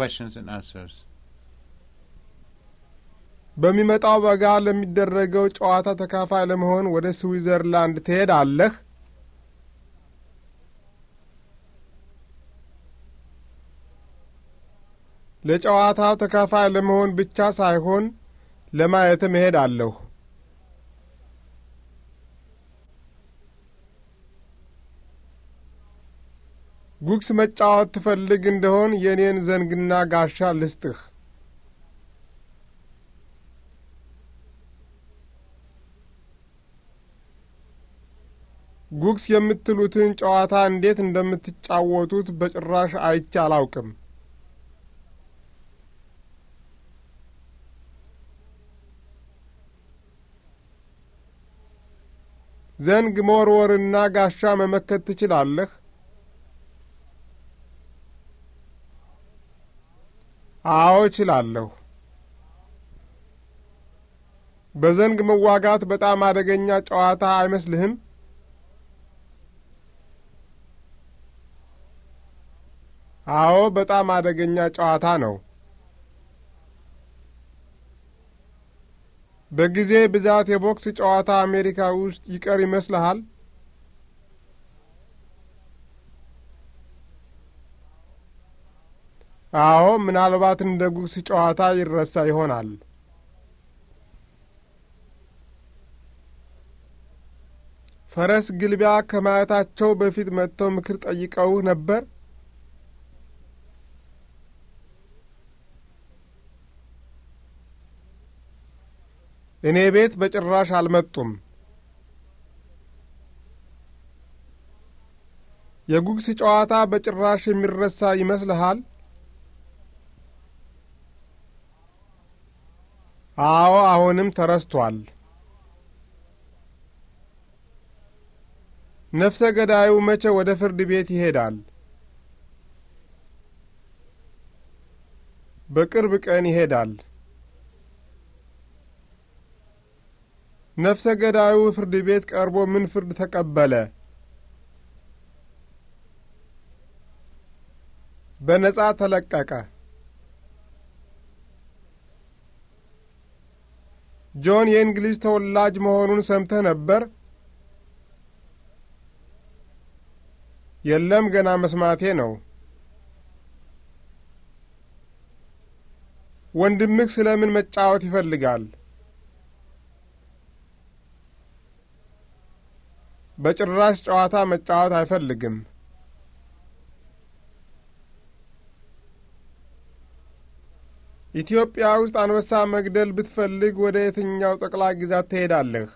questions and answers. በሚመጣው በጋ ለሚደረገው ጨዋታ ተካፋይ ለመሆን ወደ ስዊዘርላንድ ትሄዳለህ? ለጨዋታው ተካፋይ ለመሆን ብቻ ሳይሆን ለማየትም እሄዳለሁ። ጉግስ መጫወት ትፈልግ እንደሆን የእኔን ዘንግና ጋሻ ልስጥህ። ጉግስ የምትሉትን ጨዋታ እንዴት እንደምትጫወቱት በጭራሽ አይቼ አላውቅም። ዘንግ መወርወርና ጋሻ መመከት ትችላለህ? አዎ እችላለሁ። በዘንግ መዋጋት በጣም አደገኛ ጨዋታ አይመስልህም? አዎ፣ በጣም አደገኛ ጨዋታ ነው። በጊዜ ብዛት የቦክስ ጨዋታ አሜሪካ ውስጥ ይቀር ይመስልሃል? አዎ፣ ምናልባት እንደ ጉግስ ጨዋታ ይረሳ ይሆናል። ፈረስ ግልቢያ ከማየታቸው በፊት መጥተው ምክር ጠይቀው ነበር? እኔ ቤት በጭራሽ አልመጡም። የጉግስ ጨዋታ በጭራሽ የሚረሳ ይመስልሃል? አዎ አሁንም ተረስቷል። ነፍሰ ገዳዩ መቼ ወደ ፍርድ ቤት ይሄዳል? በቅርብ ቀን ይሄዳል። ነፍሰ ገዳዩ ፍርድ ቤት ቀርቦ ምን ፍርድ ተቀበለ? በነጻ ተለቀቀ። ጆን የእንግሊዝ ተወላጅ መሆኑን ሰምተህ ነበር? የለም፣ ገና መስማቴ ነው። ወንድምህ ስለምን መጫወት ይፈልጋል? በጭራሽ ጨዋታ መጫወት አይፈልግም። ኢትዮጵያ ውስጥ አንበሳ መግደል ብትፈልግ ወደ የትኛው ጠቅላይ ግዛት ትሄዳለህ?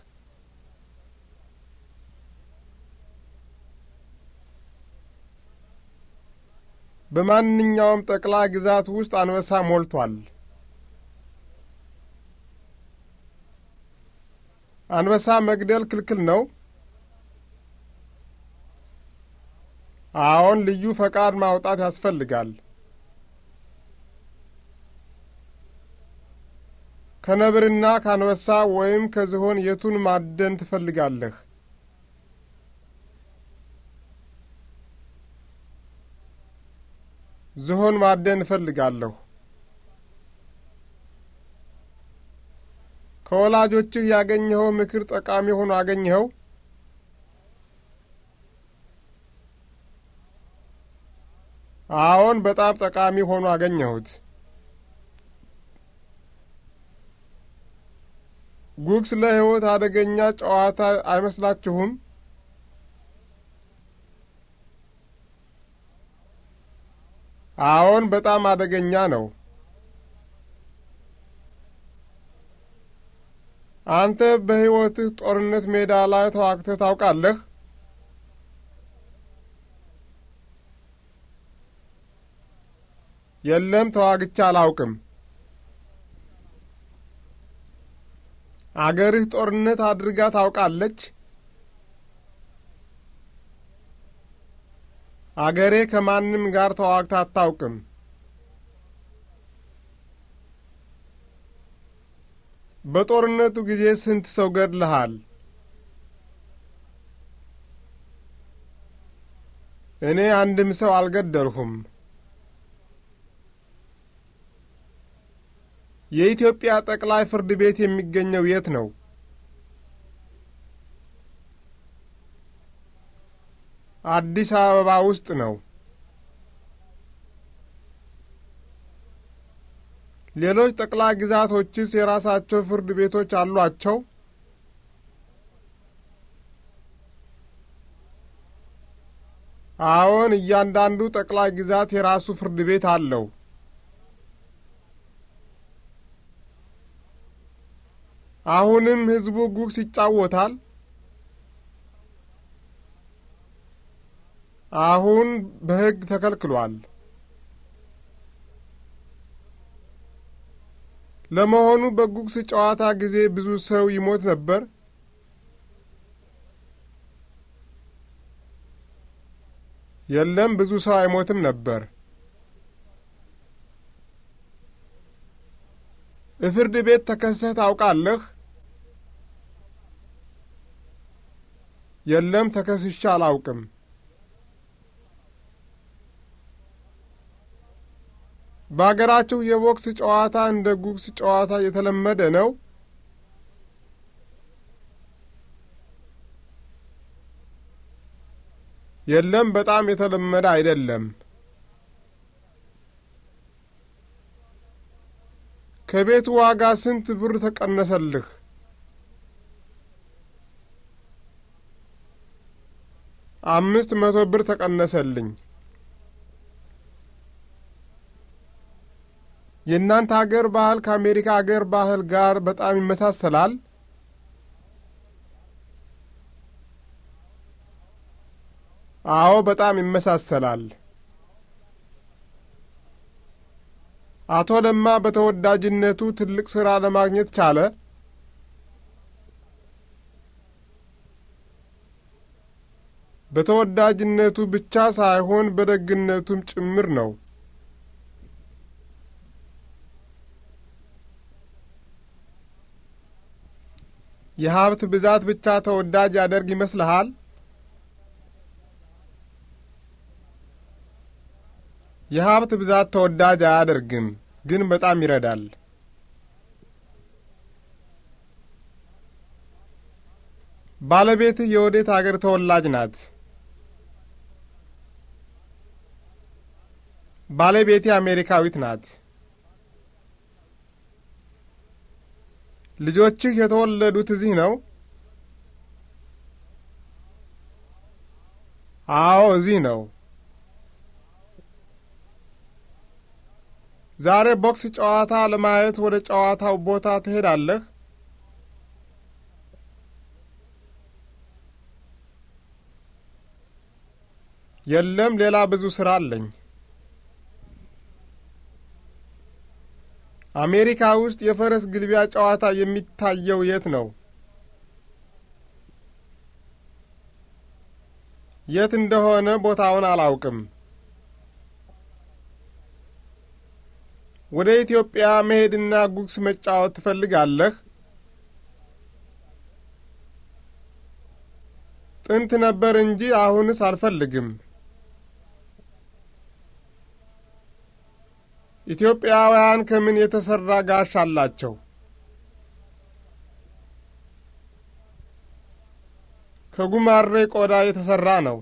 በማንኛውም ጠቅላይ ግዛት ውስጥ አንበሳ ሞልቷል። አንበሳ መግደል ክልክል ነው? አዎን፣ ልዩ ፈቃድ ማውጣት ያስፈልጋል። ከነብርና ካንበሳ ወይም ከዝሆን የቱን ማደን ትፈልጋለህ? ዝሆን ማደን እፈልጋለሁ። ከወላጆችህ ያገኘኸው ምክር ጠቃሚ ሆኖ አገኘኸው? አዎን፣ በጣም ጠቃሚ ሆኖ አገኘሁት። ስለ ለሕይወት አደገኛ ጨዋታ አይመስላችሁም? አዎን፣ በጣም አደገኛ ነው። አንተ በሕይወትህ ጦርነት ሜዳ ላይ ተዋግተህ ታውቃለህ? የለም፣ ተዋግቻ አላውቅም። አገርህ ጦርነት አድርጋ ታውቃለች? አገሬ ከማንም ጋር ተዋግታ አታውቅም። በጦርነቱ ጊዜ ስንት ሰው ገድልሃል? እኔ አንድም ሰው አልገደልሁም። የኢትዮጵያ ጠቅላይ ፍርድ ቤት የሚገኘው የት ነው? አዲስ አበባ ውስጥ ነው። ሌሎች ጠቅላይ ግዛቶችስ የራሳቸው ፍርድ ቤቶች አሏቸው? አዎን፣ እያንዳንዱ ጠቅላይ ግዛት የራሱ ፍርድ ቤት አለው። አሁንም ህዝቡ ጉግስ ይጫወታል። አሁን በሕግ ተከልክሏል። ለመሆኑ በጉግስ ጨዋታ ጊዜ ብዙ ሰው ይሞት ነበር? የለም፣ ብዙ ሰው አይሞትም ነበር። እፍርድ ቤት ተከሰህ ታውቃለህ? የለም ተከስሼ አላውቅም። በአገራቸው የቦክስ ጨዋታ እንደ ጉግስ ጨዋታ የተለመደ ነው? የለም በጣም የተለመደ አይደለም። ከቤት ዋጋ ስንት ብር ተቀነሰልህ? አምስት መቶ ብር ተቀነሰልኝ። የእናንተ አገር ባህል ከአሜሪካ አገር ባህል ጋር በጣም ይመሳሰላል? አዎ፣ በጣም ይመሳሰላል። አቶ ለማ በተወዳጅነቱ ትልቅ ሥራ ለማግኘት ቻለ? በተወዳጅነቱ ብቻ ሳይሆን በደግነቱም ጭምር ነው። የሀብት ብዛት ብቻ ተወዳጅ ያደርግ ይመስልሃል? የሀብት ብዛት ተወዳጅ አያደርግም፣ ግን በጣም ይረዳል። ባለቤትህ የወዴት አገር ተወላጅ ናት? ባለቤቴ አሜሪካዊት ናት። ልጆችህ የተወለዱት እዚህ ነው? አዎ፣ እዚህ ነው። ዛሬ ቦክስ ጨዋታ ለማየት ወደ ጨዋታው ቦታ ትሄዳለህ? የለም፣ ሌላ ብዙ ስራ አለኝ። አሜሪካ ውስጥ የፈረስ ግልቢያ ጨዋታ የሚታየው የት ነው? የት እንደሆነ ቦታውን አላውቅም። ወደ ኢትዮጵያ መሄድና ጉግስ መጫወት ትፈልጋለህ? ጥንት ነበር እንጂ አሁንስ አልፈልግም። ኢትዮጵያውያን ከምን የተሠራ ጋሽ አላቸው? ከጉማሬ ቆዳ የተሠራ ነው።